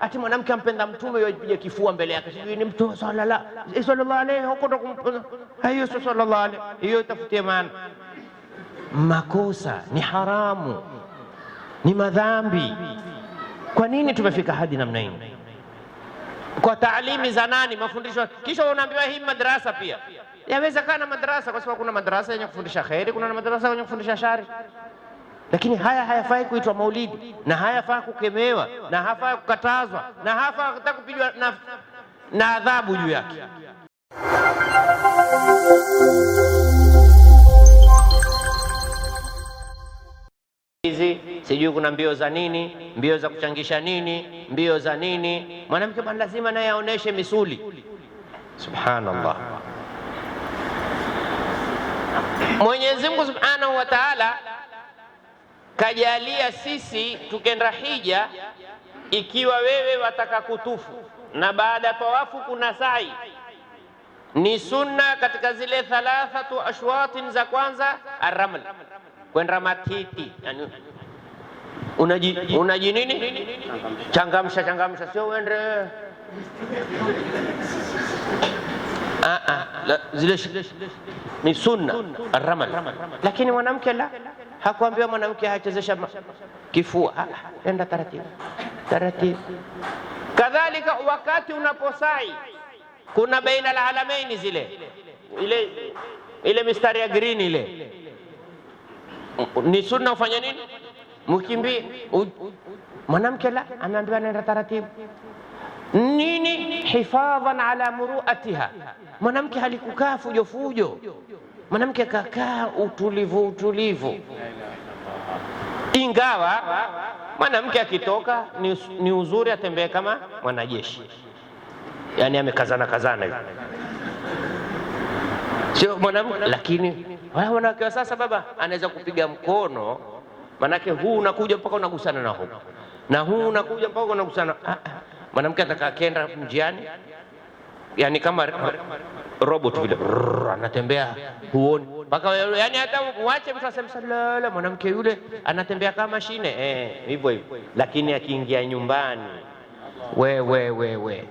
ati mwanamke ampenda mtume pia kifua mbele yake, sijui ni mtume eh, sallallahu alaihi huko ndo kumpenda hiyo, sio sallallahu alaihi hiyo, itafutie maana. Makosa ni haramu, ni madhambi. Kwa nini tumefika hadi namna hii? Kwa taalimi za nani? Mafundisho. Kisha unaambiwa hii madrasa pia yaweza kana madrasa, kwa sababu kuna madrasa yenye kufundisha kheri, kuna madrasa yenye kufundisha shari. Lakini haya hayafai kuitwa maulidi na hayafai kukemewa na hayafai kukatazwa na hayafai hata kupigwa na, na adhabu juu yake. Hizi sijui kuna mbio za nini, mbio za kuchangisha nini, mbio za nini. Mwanamke bwana lazima naye aoneshe misuli. Subhanallah. Mwenyezi Mungu Subhanahu wa Ta'ala kajalia sisi tukenda hija, ikiwa wewe wataka kutufu na baada ya tawafu kuna sa'i, ni sunna katika zile thalathatu ashwatin za kwanza, arraml kwenda matiti, yani unaji unaji nini, changamsha changamsha, sio uende ah ah, zile ni sunna arraml, lakini mwanamke la Hakuambiwa mwanamke achezesha kifua, ah, ah, enda taratibu taratibu. Kadhalika wakati unaposai kuna baina la alamaini zile ile ile mistari ya green ile ni sunna, ufanye nini? Mkimbie. Mwanamke la anaambiwa nenda taratibu nini, hifadhan ala muruatiha. Mwanamke halikukaa fujo fujo mwanamke akakaa utulivu utulivu, ingawa mwanamke akitoka ni, ni uzuri atembee kama mwanajeshi, yaani amekazana kazana hivi, sio mwanamke. Lakini wanawake wa sasa, baba anaweza kupiga mkono, manake huu unakuja mpaka unagusana na huu na huu unakuja mpaka unagusana. Ah, ah. Mwanamke atakaakenda mjiani, yani kama robot vile anatembea, huoni mpaka yani hata mwache mtu aseme salala, mwanamke yule anatembea kama mashine eh, hivyo hivyo. Lakini akiingia nyumbani, we we we we,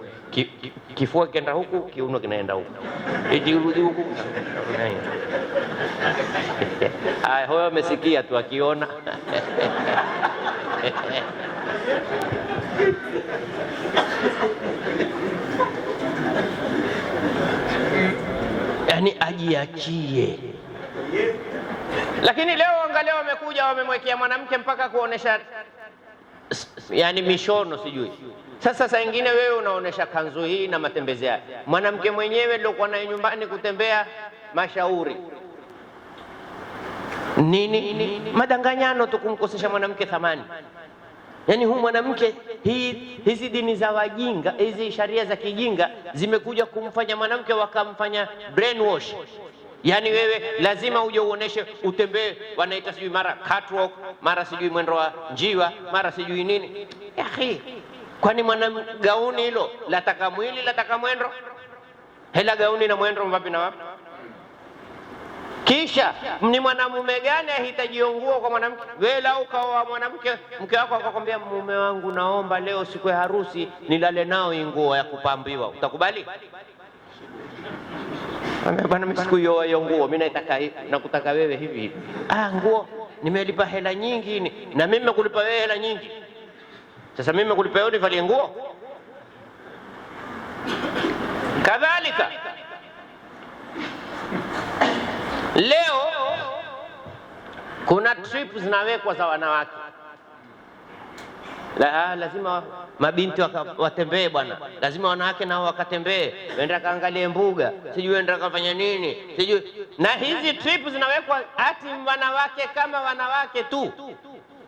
kifua kikaenda huku, kiuno kinaenda huku, eti urudi huku. Haya, huyo amesikia tu, akiona yani ajiachie. Lakini leo angalia, wamekuja wamemwekea mwanamke mpaka kuonesha yani mishono sijui. Sasa saa ingine wewe unaonesha kanzu hii na matembezi haya, mwanamke mwenyewe ndiokuwa naye nyumbani kutembea, mashauri nini, madanganyano tu kumkosesha mwanamke thamani. Yaani huyu mwanamke hii, hizi dini za wajinga, hizi sharia za kijinga zimekuja kumfanya mwanamke, wakamfanya brainwash. Yaani wewe lazima uje uoneshe, utembee, wanaita sijui mara catwalk, mara sijui mwendo wa njiwa, mara sijui nini. Yahi, kwani mwana gauni hilo lataka mwili, lataka mwendo? Hela gauni na mwendo, mvapi na wapi? Kisha ni mwanamume gani ahitajio nguo kwa mwanamke? Wewe lau ukaoa mwanamke, mke wako akakwambia, mume wangu, naomba leo siku ya harusi nilale nao hii nguo ya kupambiwa, utakubali? Bwana, mimi sikuioa hiyo nguo, mimi naitaka nakutaka wewe hivi hivi. Ah, nguo nimelipa hela nyingi ni. na mimi nimekulipa wewe hela nyingi, sasa mimi nimekulipa wewe nivalie nguo kadhalika Leo kuna trip zinawekwa za wanawake la, ah, lazima mabinti watembee bwana, lazima wanawake nao wakatembee, wenda kaangalie mbuga, sijui wenda kafanya nini, sijui. Na hizi trip zinawekwa ati wanawake kama wanawake tu,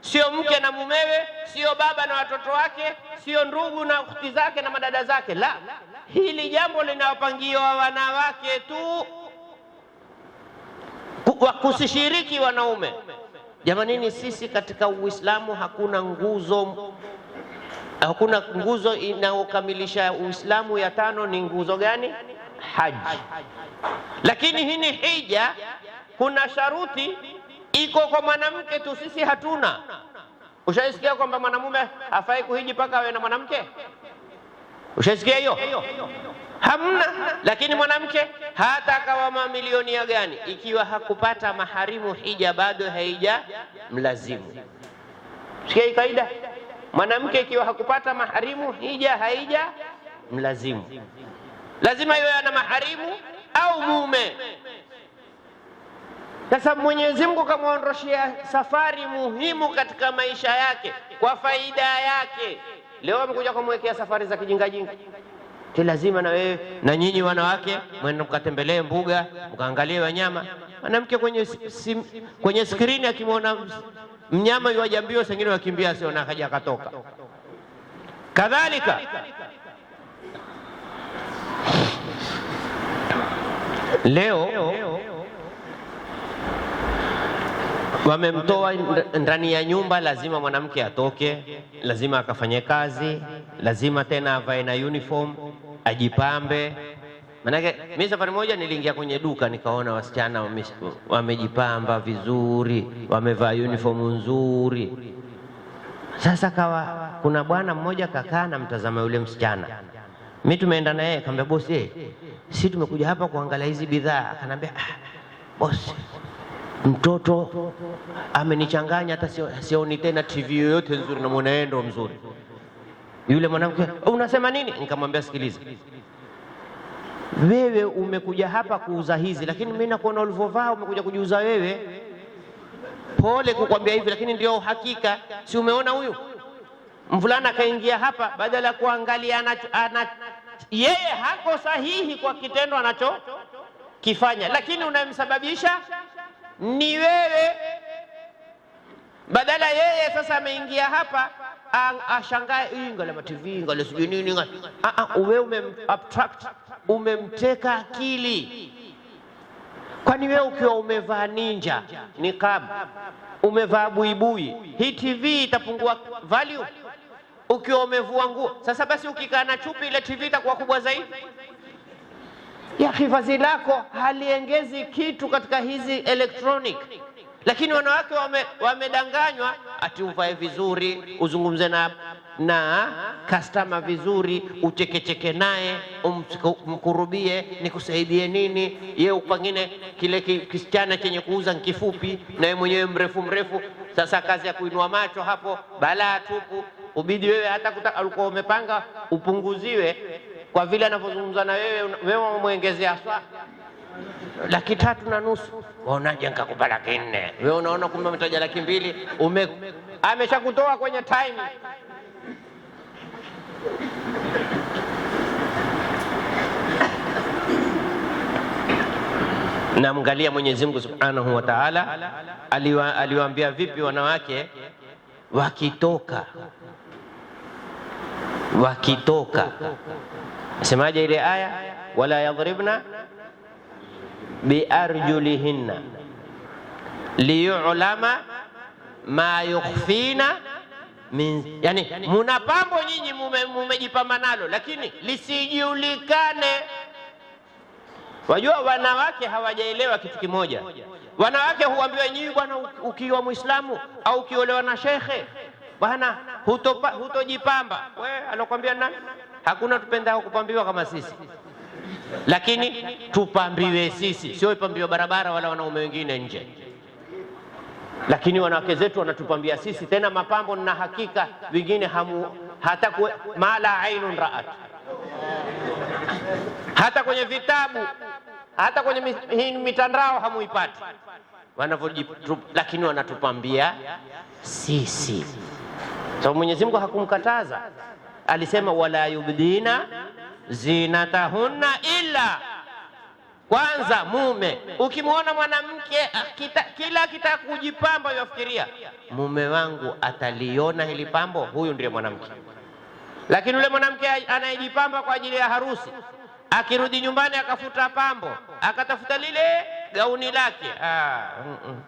sio mke na mumewe, sio baba na watoto wake, sio ndugu na ukhti zake na madada zake. La, hili jambo linawapangiwa wanawake tu wa kusishiriki wanaume. Jamanini, sisi katika Uislamu hakuna nguzo, hakuna nguzo inayokamilisha Uislamu. Ya tano ni nguzo gani? Haji. Lakini hii ni hija, kuna sharuti iko kwa mwanamke tu, sisi hatuna. Ushaisikia kwamba mwanamume hafai kuhiji mpaka awe na mwanamke? Ushasikia hiyo? Hamna. Lakini mwanamke hata akawa ya gani, ikiwa hakupata maharimu, hija bado haija mlazimu. Sikia hii kaida, mwanamke ikiwa hakupata maharimu, hija haija mlazimu. Lazima iwe ana maharimu au mume. Sasa Mwenyezi Mungu kamwondoshea safari muhimu katika maisha yake kwa faida yake leo amekuja kumwekea safari za kijingajinga ti lazima na wewe na nyinyi wanawake mwende mkatembelee mbuga mkaangalie wanyama. Mwanamke kwenye sim, kwenye skrini akimwona mnyama yuwajambio, sengine wakimbia asiona haja akatoka. Kadhalika leo Wamemtoa ndani ya nyumba, lazima mwanamke atoke, lazima akafanye kazi, lazima tena avae na uniform, ajipambe. Manake mimi safari moja niliingia kwenye duka nikaona wasichana wame, wamejipamba vizuri, wamevaa uniform nzuri. Sasa kawa kuna bwana mmoja kakaa na mtazama yule msichana, mi tumeenda na yeye, akamwambia bosi, eh, si tumekuja hapa kuangalia hizi bidhaa. Akanambia ah, bosi mtoto amenichanganya, hata sioni tena TV yoyote nzuri na mwenendo mzuri. Yule mwanamke, unasema nini? Nikamwambia, sikiliza, wewe umekuja hapa kuuza hizi, lakini mimi nakuona ulivyovaa umekuja kujiuza wewe. Pole kukwambia hivi, lakini ndio uhakika. Si umeona huyu mvulana akaingia hapa, badala ya kuangalia anacho, anacho, yeye hako sahihi kwa kitendo anachokifanya, lakini unamsababisha ni wewe. Badala yeye sasa ameingia hapa ashangae ingala TV ngala sijui nini, ah, ah, wewe umem abstract umemteka akili. Kwani wewe ukiwa umevaa ninja niqab, umevaa buibui, hii TV itapungua value? Ukiwa umevua nguo sasa, basi ukikaa na chupi ile TV itakuwa kubwa zaidi ya hifadhi lako haliengezi kitu katika hizi electronic. Lakini wanawake wamedanganywa, wame ati uvae vizuri, uzungumze na na kastama vizuri, uchekecheke naye, umkurubie, nikusaidie nini? Ye pengine kile kisichana chenye kuuza nkifupi, naye mwenyewe mrefu mrefu. Sasa kazi ya kuinua macho hapo, balaa tupu. Ubidi wewe hata alikuwa umepanga upunguziwe kwa vile anavyozungumza na wewe, wewe umwongezea swa laki tatu na nusu, waonaje nkakupa laki nne? Wewe unaona kumbe umetaja laki mbili, ume ameshakutoa kwenye time Namngalia Mwenyezi Mungu Subhanahu wa Ta'ala aliwaambia vipi wanawake wakitoka wakitoka Asemaje ile aya? Wala yadhribna biarjulihinna liyulama ma yukhfina min, yani muna pambo nyinyi mumejipamba nalo, lakini lisijulikane. Wajua wanawake hawajaelewa kitu kimoja. Wanawake huambiwa nyinyi, bwana, ukiwa Muislamu au ukiolewa na shekhe, bwana, hutojipamba. Wewe alokwambia nani? Hakuna tupendao kupambiwa kama sisi, lakini tupambiwe sisi, sio ipambiwe barabara wala wanaume wengine nje. Lakini wanawake zetu wanatupambia sisi, tena mapambo na hakika wengine hamu hata kwe, mala ainun raat, hata kwenye vitabu, hata kwenye mitandao hamuipati lakini wanatupambia sisi. Sababu so, Mwenyezi Mungu hakumkataza Alisema wala yubdina zinatahunna illa kwanza mume ukimwona mwanamke ah, kita, kila akitaka kujipamba yafikiria mume wangu ataliona hili pambo, huyu ndiye mwanamke. Lakini yule mwanamke anayejipamba kwa ajili ya harusi, akirudi nyumbani akafuta pambo, akatafuta lile gauni lake, ah, mm, mm.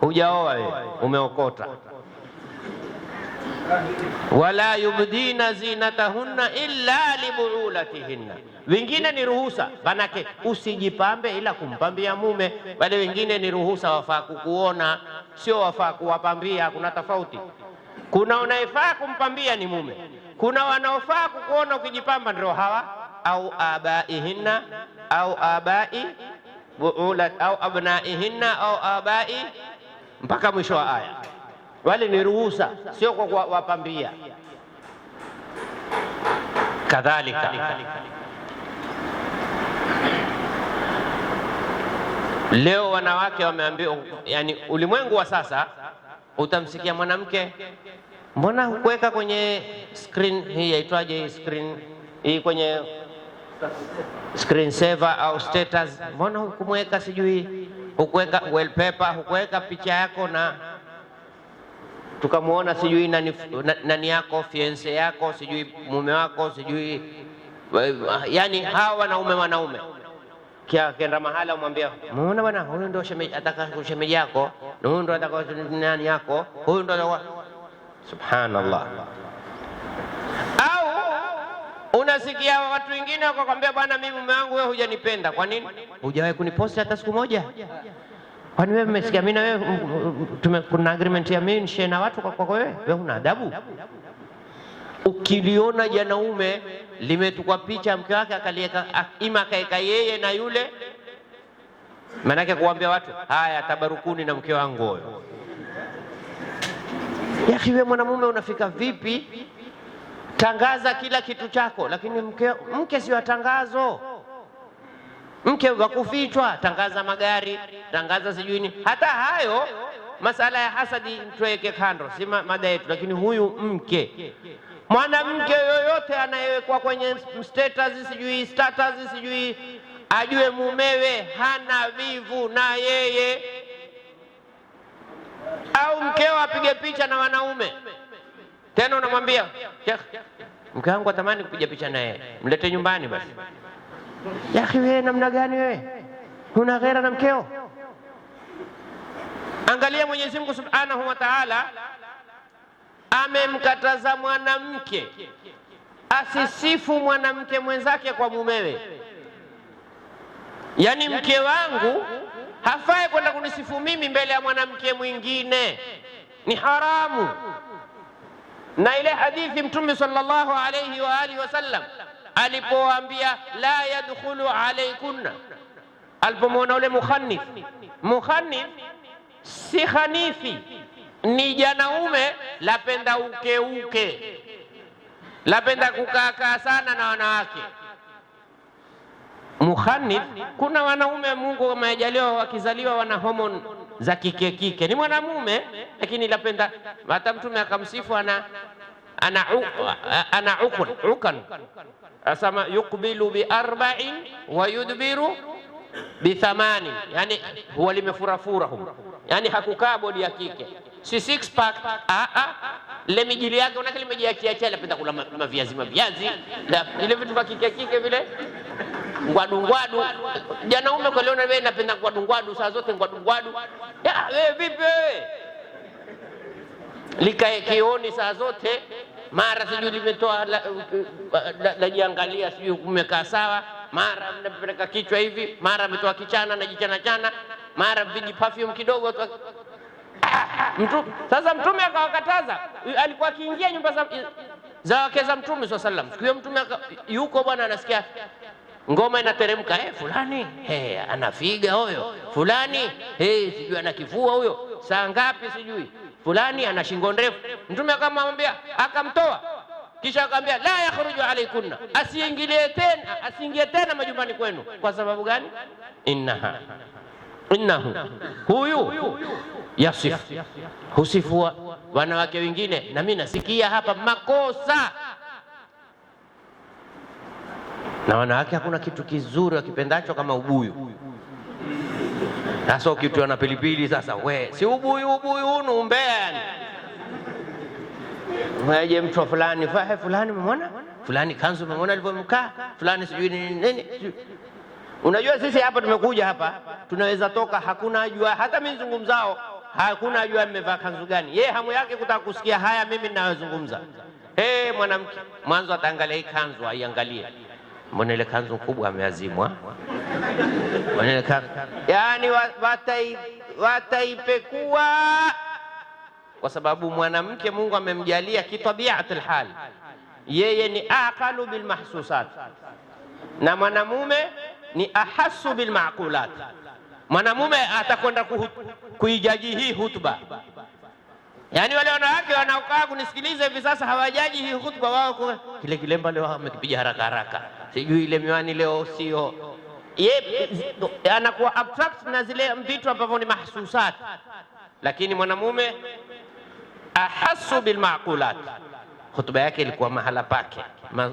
hujaoa wewe, umeokota wala yubdina zinatahunna illa libuulatihinna. Wengine ni ruhusa, manake usijipambe ila kumpambia mume, bali wengine ni ruhusa, wafaa kukuona, sio wafaa kuwapambia. Kuna tofauti, kuna unayefaa kumpambia ni mume, kuna wanaofaa kukuona ukijipamba, ndio hawa au abaihinna au abai buulat au abnaihinna au abai, mpaka mwisho wa aya wale ni ruhusa, sio kwa kuwapambia. Kadhalika leo wanawake wameambiwa, yani ulimwengu wa sasa, utamsikia mwanamke, mbona hukuweka kwenye screen hii, yaitwaje hii screen hii, kwenye screen saver au status, mbona hukumweka, sijui hukuweka wallpaper, hukuweka picha yako na tukamwona sijui nani, nani yako fiance yako sijui mume wako sijui eh, yani hawa wanaume wanaume kenda mahala umwambia, muona bwana, huyu ndo ataka shemeji yako, huyu ndo ataka nani yako, huyu ndo subhanallah. Au unasikia watu wengine wakakwambia, bwana, mimi mume wangu wewe hujanipenda. Kwa nini? Hujawahi kuniposti hata siku moja. Kwani wewe mmesikia mimi na wewe mm, mm, kuna agreement ya mimi nishare na watu kwa kwako wewe? Wewe una adabu? Ukiliona janaume limetukwa picha mke wake akalieka, ah, ima akaeka yeye na yule, maanake kuwambia watu haya, tabarukuni na mke wangu huyo. Yaki, mwanamume unafika vipi? Tangaza kila kitu chako, lakini mke, mke sio tangazo mke wa kufichwa, tangaza magari, tangaza sijui. Hata hayo masala ya hasadi tuweke kando, si mada yetu. Lakini huyu mke, mwanamke yoyote anayewekwa kwenye status sijui status sijui, ajue mumewe hana vivu na yeye, au mkeo apige picha na wanaume. Tena unamwambia Sheikh, mke wangu atamani kupiga picha naye, mlete nyumbani basi. Ya akhi wewe, namna gani wewe? Huna ghera na mkeo? Angalia, Mwenyezi Mungu Subhanahu wa Ta'ala amemkataza mwanamke asisifu mwanamke mwenzake kwa mumewe. Yaani, mke wangu hafai kwenda kunisifu mimi mbele ya mwanamke mwingine, ni haramu. Na ile hadithi Mtume sallallahu alaihi wa alihi wasallam alipoambia la yadkhulu alaikunna, alipomwona ule mukhannif. Mukhannif si khanifi, ni janaume lapenda ukeuke, lapenda kukaakaa sana na wanawake. Mukhannif, kuna wanaume Mungu amejaliwa wakizaliwa wana homoni za kike kike, ni mwanamume lakini lapenda. Hata Mtume akamsifu ana ana ukan Asema yukbilu bi wa yudbiru bi thamani, yani huwa limefurafura huko, yani hakukaa bodi ya kike, si six pack a a ile mijili yake unake limejiachia chia, kula maviazi maviazi ile vitu vya kike kike vile ngwadungwadu. Janaume kaliona wewe napenda ngwadu saa zote ngwadungwadu, wewe vipi wewe, likae kioni saa zote mara sijui limetoa najiangalia, sijui kumekaa sawa, mara napeleka kichwa hivi, mara ametoa kichana najichana chana, mara viji perfume kidogo tu. Mtu sasa mtume akawakataza, alikuwa akiingia nyumba za za wake za mtume swalla salam Siku hiyo mtume yuko bwana, anasikia ngoma inateremka, eh, fulani eh, anafiga huyo fulani, eh, sijui kifua huyo, saa ngapi sijui fulani ana shingo ndefu. Mtume akamwambia, akamtoa kisha akamwambia, la yakhruju alaikunna, asiingilie tena, asiingie tena majumbani kwenu. Kwa sababu gani? innaha innahu, huyu yasifu husifu wanawake wengine. Na mimi nasikia hapa makosa na wanawake, hakuna kitu kizuri wakipendacho kama ubuyu sasa ukitwa na pilipili sasa, we si ubuyu ubuyu unu mbeani Mwaje mtu fulani fahe fulani, umemwona fulani kanzu, umemwona alivyomkaa fulani, sijui nini nini. Unajua sisi hapa tumekuja hapa, tunaweza toka, hakuna ajua hata mimi hakuna ajua mmevaa kanzu gani. Yeye hamu yake kutaka kusikia haya mimi ninayozungumza. Hey, mwanamke mwanzo ataangalia hii kanzu, aiangalie mbona ile kanzu kubwa ameazimwa, yaani wataipekua kwa sababu mwanamke Mungu amemjalia kitabiatul hal, yeye ni aqalu bil mahsusat, na mwanamume ni ahasu bil maqulat. Mwanamume atakwenda kuijaji hii hutuba Yaani wale wanawake wanaokaa kunisikiliza hivi sasa hawajaji hii hutuba, wao kwa kile kilemba leo wamekipiga haraka haraka, sijui ile miwani leo sio ye, anakuwa abstract na zile vitu ambavyo ni mahsusat, lakini mwanamume ahasu bilmaqulat. Hutuba yake ilikuwa mahala pake,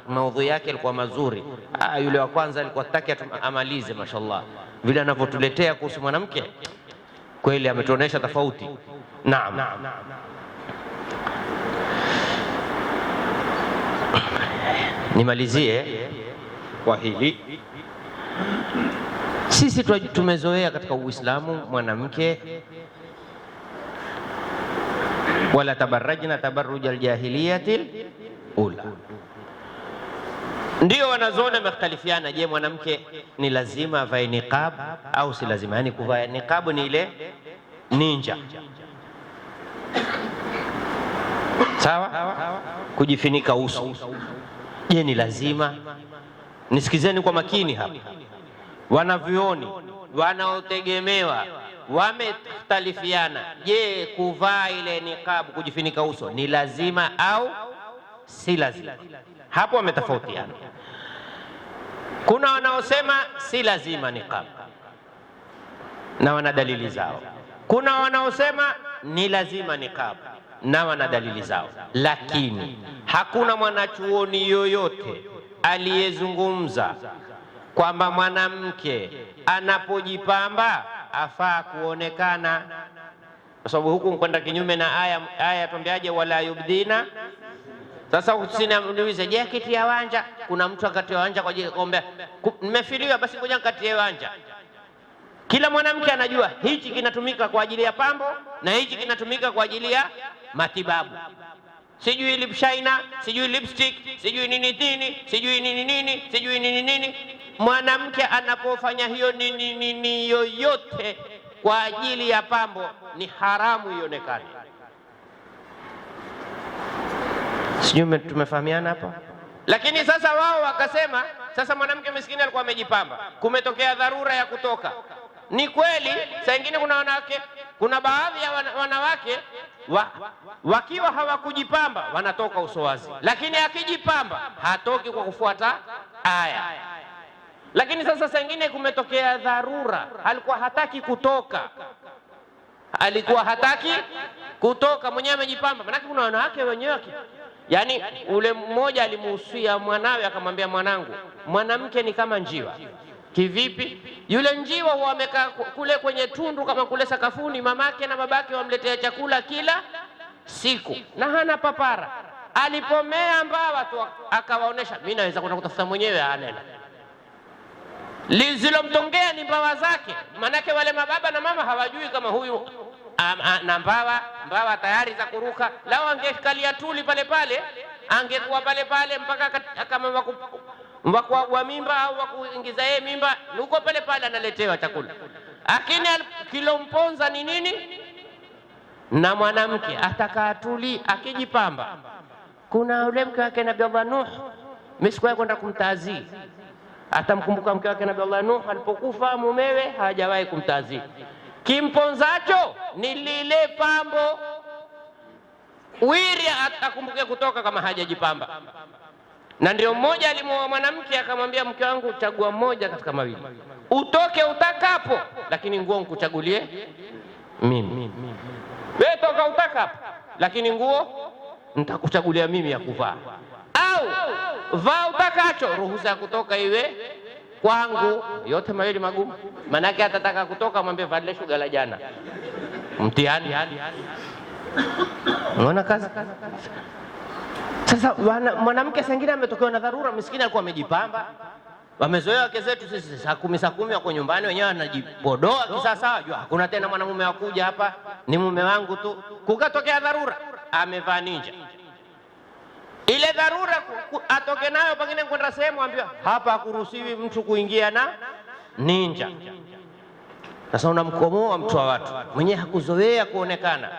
maudhui yake ilikuwa mazuri. Ah, yule wa kwanza alikuwa taki amalize, mashallah, vile anavyotuletea kuhusu mwanamke Kweli ametuonesha tofauti. Naam, nimalizie kwa hili. Sisi tumezoea katika Uislamu mwanamke wala tabarrajna tabarruj ljahiliyati ula ndio wanazuoni wamekhtalifiana, je, mwanamke ni lazima avae niqab au si lazima? Yaani kuvaa niqab ni ile ninja, sawa, kujifinika uso. Je, ni lazima? Nisikizeni kwa makini hapa, wanavyuoni wanaotegemewa wamekhtalifiana Je, kuvaa ile niqab, kujifinika uso ni lazima au si lazima? Hapo wametofautiana. Kuna wanaosema si lazima niqab na wana dalili zao, kuna wanaosema ni lazima niqab na wana dalili zao, lakini hakuna mwanachuoni yoyote aliyezungumza kwamba mwanamke anapojipamba afaa kuonekana, kwa sababu huku kwenda kinyume na aya. Aya yatwambiaje? wala yubdina sasa usiniulize kiti ya wanja, kuna mtu akatia ya wanja kwa ajili kuombea, nimefiliwa basi ngoja nikati ya wanja. Kila mwanamke anajua hichi kinatumika kwa ajili ya pambo na hichi kinatumika kwa ajili ya matibabu, sijui lip sijui lipstick, sijui nini nini, sijui nini nini, sijui nini nini. Mwanamke anapofanya hiyo nini nini yoyote kwa ajili ya pambo, ni haramu ionekane. Sijui tumefahamiana hapa. Lakini sasa wao wakasema, sasa mwanamke miskini alikuwa amejipamba, kumetokea dharura ya kutoka. Ni kweli, saa nyingine kuna wanawake, kuna baadhi ya wanawake wa, wakiwa hawakujipamba wanatoka uso wazi, lakini akijipamba hatoki kwa kufuata aya. Lakini sasa saa nyingine kumetokea dharura, alikuwa hataki kutoka alikuwa hataki kutoka mwenyewe amejipamba. Maanake kuna wanawake wenyewe yaani, ule mmoja alimuhusia mwanawe akamwambia, mwanangu, mwanamke ni kama njiwa. Kivipi? Yule njiwa huwa amekaa kule kwenye tundu kama kule sakafuni, mamake na babake wamletea chakula kila siku na hana papara. Alipomea mbawa tu akawaonesha, mimi naweza kwenda kutafuta mwenyewe, anena lizilomtongea ni mbawa zake. Maanake wale mababa na mama hawajui kama huyu na mbawa mbawa tayari za kuruka. Lao angekalia tuli pale pale, angekuwa pale pale mpaka kama waku wa mimba au wakuingiza yeye mimba, nuko pale pale analetewa chakula. Lakini kilomponza ni nini? Na mwanamke atakaa tuli akijipamba. Kuna yule mke wake Nabii Allah Nuh, mimi sikuwahi kwenda kumtaazii atamkumbuka mke wake Nabii Allah Nuh alipokufa mumewe, hajawahi kumtazii kimponzacho ni lile pambo wirya atakumbuke kutoka kama hajajipamba. Na ndio mmoja alimwoa mwanamke akamwambia, mke wangu, chagua mmoja katika mawili, utoke utakapo, lakini nguo nikuchagulie mimi. Wewe toka utakapo, lakini nguo nitakuchagulia mimi ya kuvaa, au vaa utakacho, ruhusa ya kutoka iwe kwangu yote mawili magumu. Manake atataka kutoka, mwambie vale shuga la jana mtihani. Unaona kazi sasa. Mwanamke sengine ametokewa na dharura, miskini alikuwa amejipamba. Wamezoea wake zetu sisi, saa kumi saa kumi wako nyumbani wenyewe, anajibodoa kisasa, wajua hakuna tena mwanamume wakuja hapa, ni mume wangu tu. Kukatokea dharura, amevaa ninja ile dharura atoke nayo, pengine kwenda sehemu ambiwa hapa hakuruhusiwi mtu kuingia na ninja. Sasa unamkomoa mtu wa watu, mwenyewe hakuzoea kuonekana.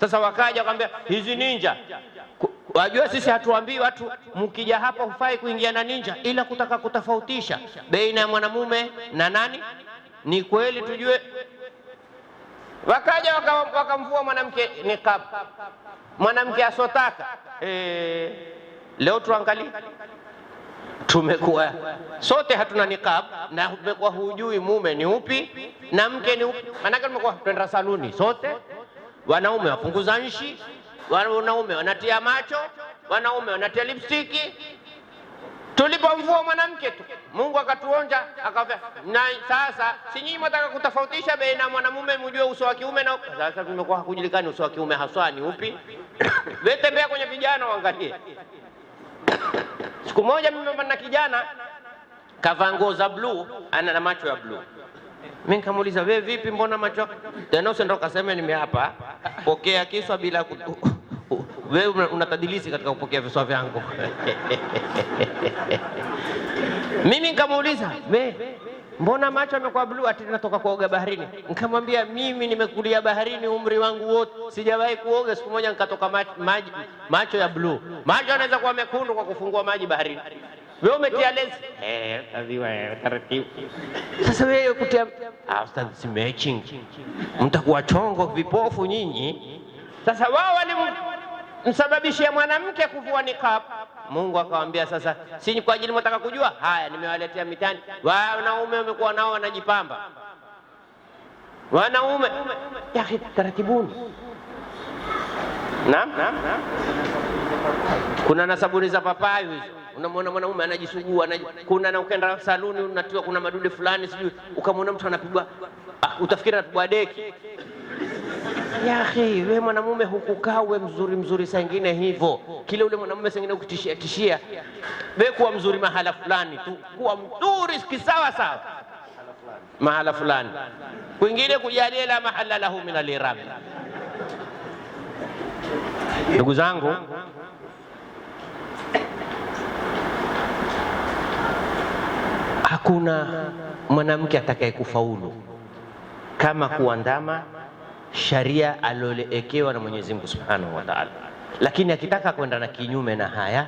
Sasa wakaja wakaambia hizi ninja, wajua sisi hatuambii watu mkija hapa hufai kuingia na ninja, ila kutaka kutofautisha baina ya mwanamume na nani. Ni kweli tujue Wakaja wakamvua waka mwanamke niqab, mwanamke asotaka eh Leo tuangalie, tumekuwa sote hatuna niqab na tumekuwa hujui mume ni upi na mke ni upi. Maanake tumekuwa twenda saluni sote, wanaume wapunguza nshi, wanaume wanatia macho, wanaume wanatia lipstiki. Tulipomvua mwanamke tu Mungu akatuonja akavya, na sasa si nyinyi mwataka kutofautisha beina mwanamume mjue uso wa kiume na sasa tumekuwa hakujulikani uso wa kiume haswa ni upi. Wetembea kwenye vijana uangalie Siku moja mimi na kijana kavaa nguo za bluu, ana na macho ya bluu. Mimi nikamuuliza wewe, vipi, mbona macho tena? Usiende ukasema pokea kiswa bila ku... Wewe unatadilisi katika kupokea viswa vyangu. Mimi nikamuuliza wewe mbona macho amekuwa bluu? Ati natoka kuoga baharini. Nikamwambia mimi nimekulia baharini umri wangu wote, sijawahi kuoga siku moja nikatoka macho, maji, macho ya bluu. Macho anaweza kuwa mekundu kwa kufungua maji baharini. Wewe umetia lens eh, eh taratibu. Sasa wewe kutia ah, ustadhi si matching, mtakuwa chongo vipofu nyinyi. Sasa wao walimu msababishia mwanamke kuvua niqab. Mungu akamwambia sasa, si kwa ajili mtaka kujua haya, nimewaletea mitani. Wanaume wamekuwa nao wanajipamba, wanaume yahi, taratibuni. naam, kuna na sabuni za papai hizo Unamwona mwanaume anajisugua, kuna na ukenda saluni unatiwa, kuna madude fulani sijui, ukamwona mtu anapigwa, ah, utafikiri anapigwa deki. Yahi, we mwanamume hukukaa we mzuri mzuri, sangine hivyo kile ule mwanamume sangine ukitishia tishia, we kuwa mzuri mahala fulani tu, kuwa mzuri kisawa sawa mahala fulani, kwingine kujalie la mahala lahu min alirabi. Ndugu zangu, hakuna mwanamke atakaye kufaulu kama kuandama sharia alioekewa na Mwenyezi Mungu Subhanahu wa Ta'ala, lakini akitaka kwenda na kinyume na haya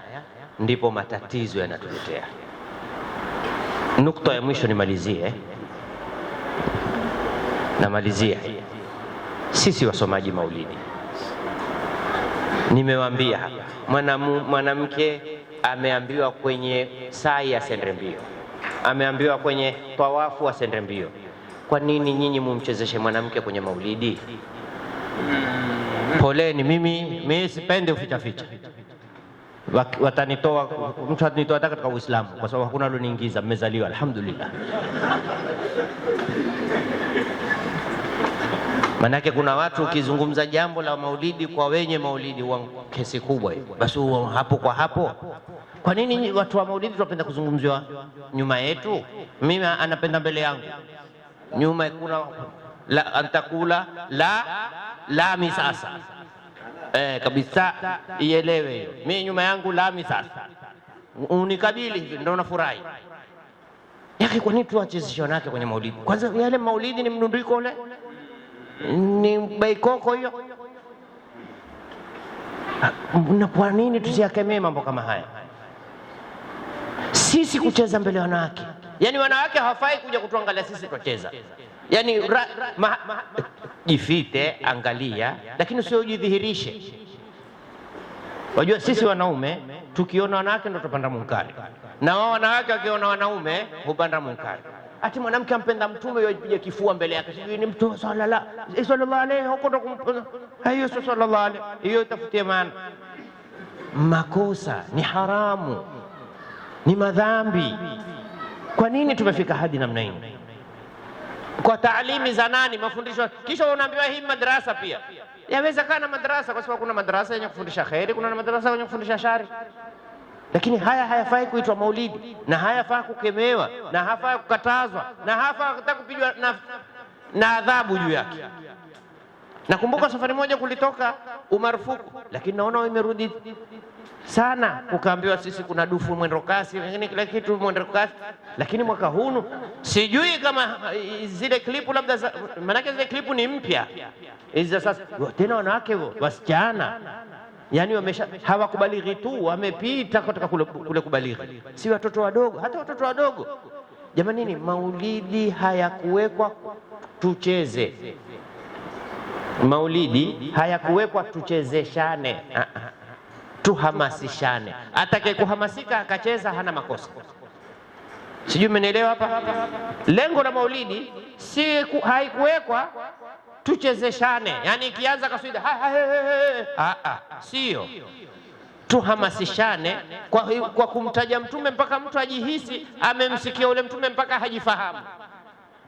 ndipo matatizo yanatuletea. Nukta ya mwisho nimalizie, namalizia sisi wasomaji maulidi, nimewaambia hapa mwanamke ameambiwa kwenye sai ya sendrembio ameambiwa kwenye tawafu wa sendrembio kwa nini nyinyi mumchezeshe mwanamke kwenye maulidi? Hmm. Poleni, mimi mimi sipende ufichaficha, watanitoa mtu atanitoa hata katika Uislamu, kwa sababu hakuna aloniingiza. Mmezaliwa, alhamdulillah. Manake kuna watu ukizungumza jambo la maulidi kwa wenye maulidi wa kesi kubwa basi, huo hapo kwa hapo. Kwa nini watu wa maulidi tunapenda kuzungumziwa nyuma yetu? Mimi anapenda mbele yangu nyuma kuna la antakula la lami sasa eh, kabisa ielewe, mi nyuma yangu lami sasa, unikabili hivi, ndio nafurahi yake. Kwa nini zishona wanawake kwenye maulidi? Kwanza yale maulidi ni mdundiko ule, ni baikoko hiyo na kwa nini tusiakemee mambo kama haya? Sisi kucheza mbele wanawake Yaani wanawake hawafai kuja kutuangalia sisi twacheza, yani jifite, angalia, lakini sio ujidhihirishe. Wajua sisi wanaume tukiona wanawake ndo tupanda munkari, na wao wanawake wakiona wanaume hupanda munkari. Ati mwanamke ampenda mtume yapiga kifua mbele yake, sijui ni mtume sallallahu sallallahu hiyo, itafutie maana. Makosa ni haramu, ni madhambi. Kwa nini tumefika hadi namna hii? Kwa taalimi za nani? Mafundisho. Kisha unaambiwa hii madrasa pia yaweza kana madrasa, kwa sababu kuna madrasa yenye kufundisha kheri, kuna madrasa yenye kufundisha shari. Lakini haya hayafai kuitwa maulidi, na hayafai kukemewa, na hayafai kukatazwa, na hayafai kupigwa na, na adhabu juu yake. Nakumbuka safari moja kulitoka umarufuku, lakini naona imerudi sana, ukaambiwa sisi kuna dufu mwendo kasi, wengine kila kitu mwendo kasi. Lakini mwaka huu sijui kama zile klipu labda, maanake zile klipu ni mpya hizo. Sasa tena wanawake wasichana yani wamesha hawakubalighi tu, wamepita kutoka kule, kule kubalighi, si watoto wadogo, hata watoto wadogo. Jamanini, maulidi hayakuwekwa tucheze, maulidi hayakuwekwa tuchezeshane. Ah, ah tuhamasishane. Atake kuhamasika akacheza hana makosa. Sijui mmenielewa hapa. Lengo la Maulidi si haikuwekwa tuchezeshane, yaani ikianza kaswida sio tuhamasishane kwa, kwa kumtaja mtume mpaka mtu ajihisi amemsikia ule mtume mpaka hajifahamu.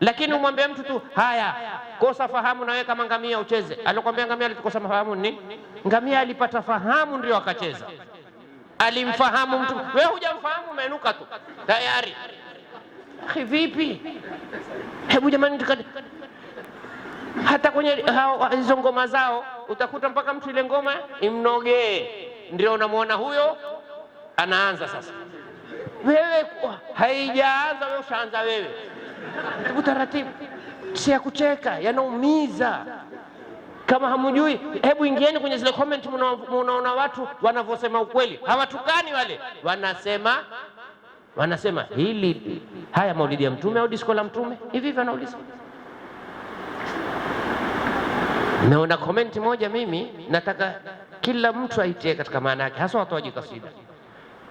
Lakini umwambie mtu tu haya, kosa fahamu na kama ngamia ucheze. Alikwambia ngamia alikosa fahamu ni ngamia, alipata fahamu ndio akacheza, alimfahamu mtu. Wewe hujamfahamu, umeinuka tu tayari. Akhi, vipi? Hebu jamani, hata kwenye hizo ngoma zao utakuta mpaka mtu ile ngoma imnogee, ndio unamwona huyo anaanza sasa. Wewe haijaanza, wewe ushaanza wewe utaratibu, si ya kucheka, yanaumiza. Kama hamjui, hebu ingieni kwenye zile comment, mnaona watu wanavyosema ukweli. Hawatukani wale, wanasema wanasema hili, haya maulidi ya Mtume au disko la Mtume, hivi hivi anauliza Naona komenti moja, mimi nataka kila mtu aitie katika maana yake, hasa watoaji kasida.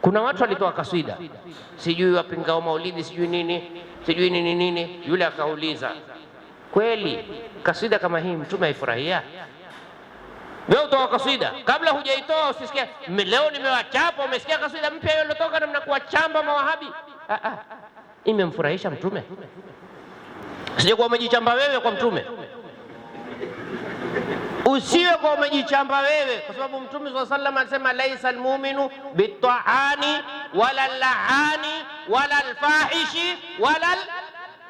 Kuna watu walitoa kasida, sijui wapingao maulidi, sijui nini sijui nini nini. Yule akauliza kweli, kasida kama hii mtume aifurahia Wewe utoa kasida kabla hujaitoa usisikia leo nimewachapa. Umesikia kasida mpya hiyo iliotoka na mnakuwachamba mawahabi? Ah, ah, imemfurahisha mtume? Sije umejichamba wewe kwa mtume usiwe kwa umejichamba wewe, kwa sababu Mtume swalla sallam anasema laisa almu'minu bitaani wala llaani wala lfahishi wala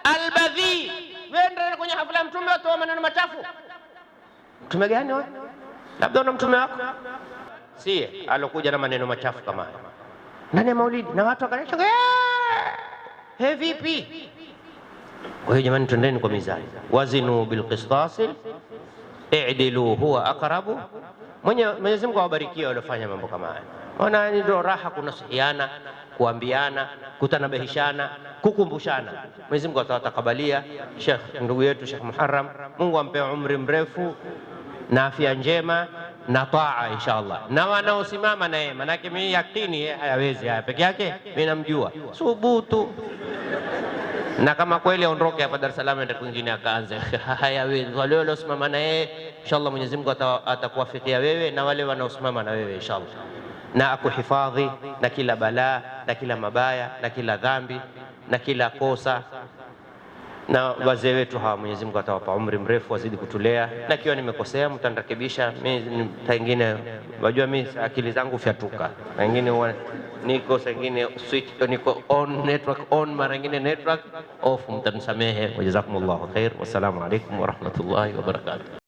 albadhi. Wewe kwenye hafla ya Mtume watoa maneno machafu. Mtume gani wewe? Labda una mtume wako sie alokuja na maneno machafu kama haya ndani ya Maulidi na watu wakanashanga he, vipi? Kwa hiyo jamani, twendeni kwa mizani, wazinu bilqistasi i'dilu huwa aqrabu. Mwenyezi Mungu awabarikie waliofanya mambo kama haya. Ona, ndio raha kunasihiana, kuambiana, kutanabehishana kukumbushana. Mwenyezi Mungu atawatakabalia Sheikh, ndugu yetu Sheikh Muharram, Mungu ampe umri mrefu na afya njema na taa inshallah, na wanaosimama naye, manake mimi yakini, hayawezi haya peke yake, mimi namjua. Subutu na kama kweli aondoke hapa Dar es Salaam aende kwingine akaanze. Haya, wale waliosimama na yeye inshallah Mwenyezi Mungu atakuwafikia wewe na wale wanaosimama na wewe inshallah, na akuhifadhi na kila balaa na kila mabaya na kila dhambi na kila kosa na wazee wetu hawa, Mwenyezi Mungu atawapa umri mrefu, wazidi kutulea, na kiwa nimekosea mtanirekebisha. Mimi pengine, wajua mimi akili zangu fyatuka, pengine niko pengine switch, niko on network on, mara nyingine network off, mtanisamehe. Jazakumullahu khair, wassalamu alaikum warahmatullahi wabarakatuh.